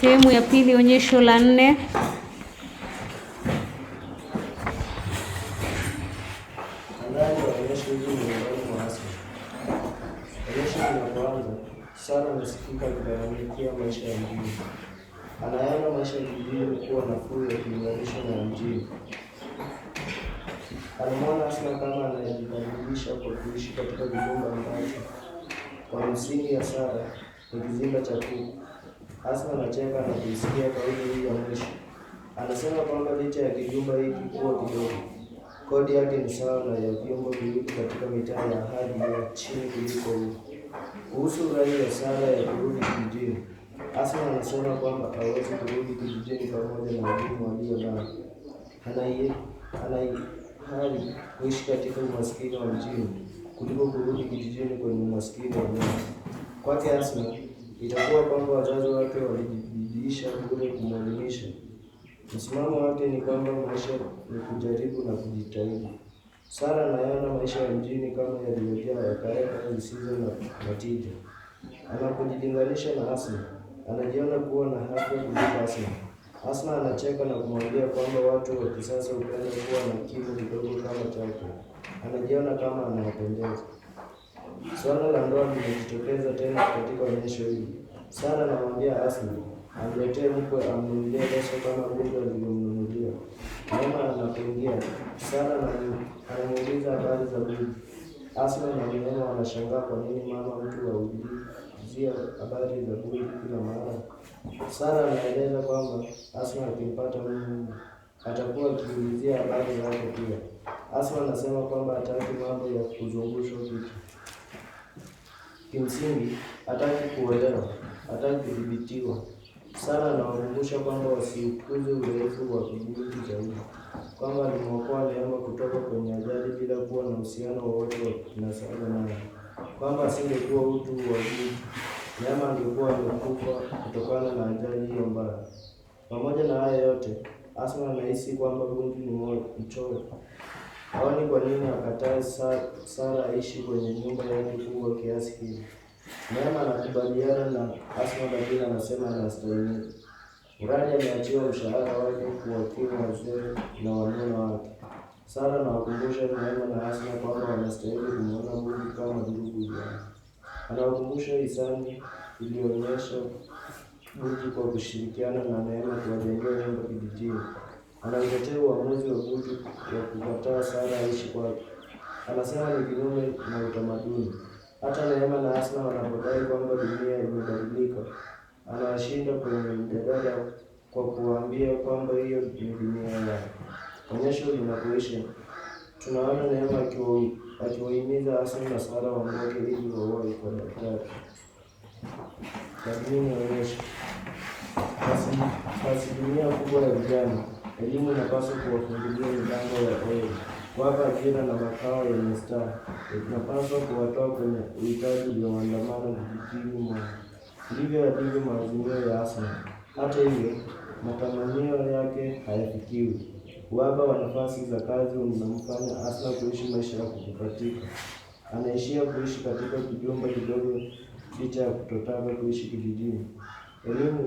Sehemu ya pili, onyesho la nne. Onyesho linapoanza, Sara anasikika kulalamikia maisha ya mjini. Anayaona maisha ya kijijini kuwa nafuu yakilinganishwa na mjini. Anamwona Hasna kama anayejibadilisha kwa kuishi katika vijumba ambavyo kwa msingi ya Sara ni kizimba cha kuku hasa anacheka na kuisikia kauli hii ya mwisho. Anasema kwamba licha ya kijumba hiki kuwa kidogo, kodi yake ni sawa na ya vyombo viwili katika mitaa ya hali ya chini kuliko huko. Kuhusu rai ya Sara ya kurudi kijijini, Asma anasema kwamba hawezi kurudi kijijini pamoja na elimu aliyonayo. Anaihari kuishi katika umaskini wa mjini kuliko kurudi kijijini kwenye umaskini wa nyumba. Kwake Asma itakuwa kwamba wazazi wake walijibidiisha kule kumwelimisha. Msimamo wake ni kwamba maisha ni kujaribu na kujitahidi. Sara anayaona maisha ya mjini kama yaliyojaa yakaeka zisizo na natija Anapojilinganisha na Asma, anajiona kuwa na afya kuliko Asma. Asma anacheka na kumwambia kwamba watu wa kisasa hupenda kuwa na kimo kidogo kama chake. Anajiona kama anawapendeza. Swala la ndoa limejitokeza tena katika onyesho hili. Sara anamwambia Asma amletee mkwe amnunulie leso kama vile alivyomnunulia. Neema anapoingia, Sara anamuuliza habari za bibi. Asma na Neema wanashangaa kwa nini mama mtu waulizia habari za bibi kila mara. Sara anaeleza kwamba Asma akimpata mume atakuwa akiulizia habari zake pia. Asma anasema kwamba hataki mambo ya kuzungushwa kitu. Kimsingi hataki kuolewa, hataki kudhibitiwa. Sara anawakumbusha kwamba wasiukuze udhaifu wa kiburi zaidi, kwamba alimwokoa Neema kutoka kwenye ajali bila kuwa na uhusiano wowote wa kinasaba naye, kwamba asingekuwa utu wa juu, Neema angekuwa amekufa kutokana na ajali hiyo mbaya. Pamoja na haya yote, Asma anahisi kwamba Gunju ni mchoro Haoni kwa nini akatae Sara aishi kwenye nyumba yake kubwa kiasi hiki. Neema anakubaliana na Asma lakini anasema anastahimili. Uradi ameachiwa mshahara wake kuwakimu wazee na wanene wake. Sara anawakumbusha Neema na Asma kwamba wanastahili kumwona Mungu kama ndugu zao. Anawakumbusha hisani iliyoonyesha Mungu kwa kushirikiana na Neema kuwajengea nyumba kijijini. Anatetea uamuzi wa ya kukataa sana aishi kwake. Anasema ni kinyume na utamaduni. Hata Neema na Asna wanapodai kwamba dunia imebadilika, anawashinda kwenye mjadala kwa kuwaambia kwamba hiyo ni dunia ya Onyesho linapoisha, tunaona Neema akiwahimiza Asna na Sara waondoke ili wawahi kwa daktari. Tathmini ya Asilimia kubwa ya vijana Elimu inapaswa kuwafungulia milango ya heri, kuwapa ajira na makao yenye staha. Inapaswa kuwatoa kwenye uhitaji ulioandamana vijijini kujikimu mwao, ndivyo yalivyo maazimio ya Arsenal. Hata hivyo, matamanio yake hayafikiwi. Uhaba wa nafasi za kazi unamfanya Arsenal kuishi maisha ya kukatika. Anaishia kuishi katika kijumba kidogo licha ya kutotaka kuishi kijijini. Elimu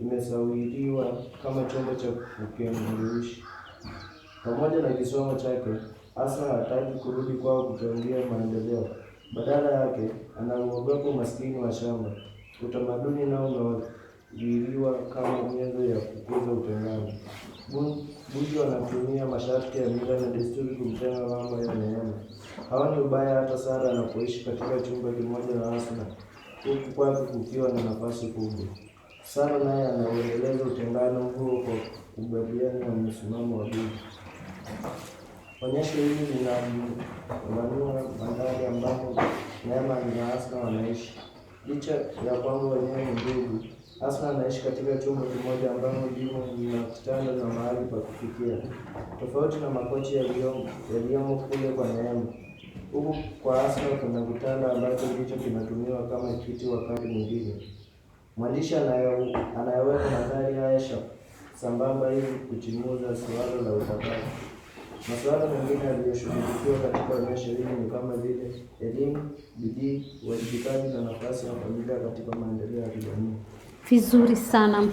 imesawiriwa kama chombo cha kukiamrishi pamoja na kisomo chake. Hasa hataki kurudi kwao kuchangia maendeleo, badala yake anaogopa umaskini wa shamba. Utamaduni nao umeajiriwa kama nyenzo ya kukuza utengano. Bunju wanatumia masharti ya mila na desturi kumtenga mambo ya neema. Haoni ubaya hata Sara anapoishi katika chumba kimoja na Asna, huku kwake kukiwa na nafasi kubwa. Sara naye anaendeleza utengano huo kwa kubadiliana na msimamo wa dini. Onyesho hili linamanua bandari ambapo Neema na Asna wanaishi. Licha ya kwamba wenyewe ni ndugu, Asna anaishi katika chumba kimoja ambapo limo lina kitanda na mahali pa kufikia, tofauti na makochi yaliyomo kule kwa Neema. Huku kwa Asna kuna kitanda ambacho ndicho kinatumiwa kama kiti wakati mwingine. Mwandishi anayeweka nadhari haya sambamba hivi kuchimuza suala la utakaso. Masuala mengine yaliyoshughulikiwa katika onyesho hili ni kama vile elimu, bidii, uwajibikaji na nafasi ya familia katika maendeleo ya kijamii. Vizuri sana.